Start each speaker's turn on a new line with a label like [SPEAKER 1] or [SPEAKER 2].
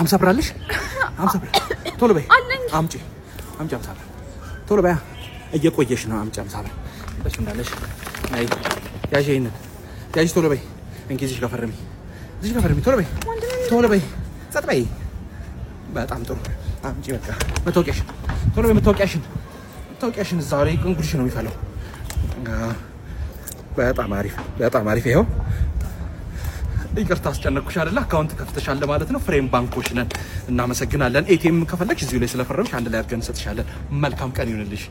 [SPEAKER 1] አምሳ ብር አለሽ? አምሳ ብር ቶሎ በይ አምጪ፣ አምጪ አምሳ ብር ቶሎ በይ። እየቆየሽ ነው። አምጪ አምሳ ብር
[SPEAKER 2] በሱ እንዳለሽ። አይ ያዥ፣ ይሄንን ያዥ፣ ቶሎ በይ። እንኪ እዚህ ጋር ፈርሚ፣
[SPEAKER 3] እዚህ ጋር ፈርሚ። ቶሎ በይ፣ ቶሎ በይ፣ ጸጥ በይ። በጣም ጥሩ አምጪ፣ በቃ መታወቂያሽን ቶሎ በይ። መታወቂያሽን መታወቂያሽን፣ ዛሬ እንጉድሽ ነው የሚፈለው።
[SPEAKER 4] በጣም አሪፍ፣ በጣም አሪፍ። ይኸው ይቅርታ አስጨነቅኩሽ አይደለ? አካውንት ከፍተሻል ማለት ነው። ፍሬም ባንኮች ነን። እናመሰግናለን። ኤቲኤም ከፈለግሽ እዚሁ ላይ ስለፈረምሽ አንድ ላይ አድርገን እንሰጥሻለን። መልካም ቀን ይሁንልሽ።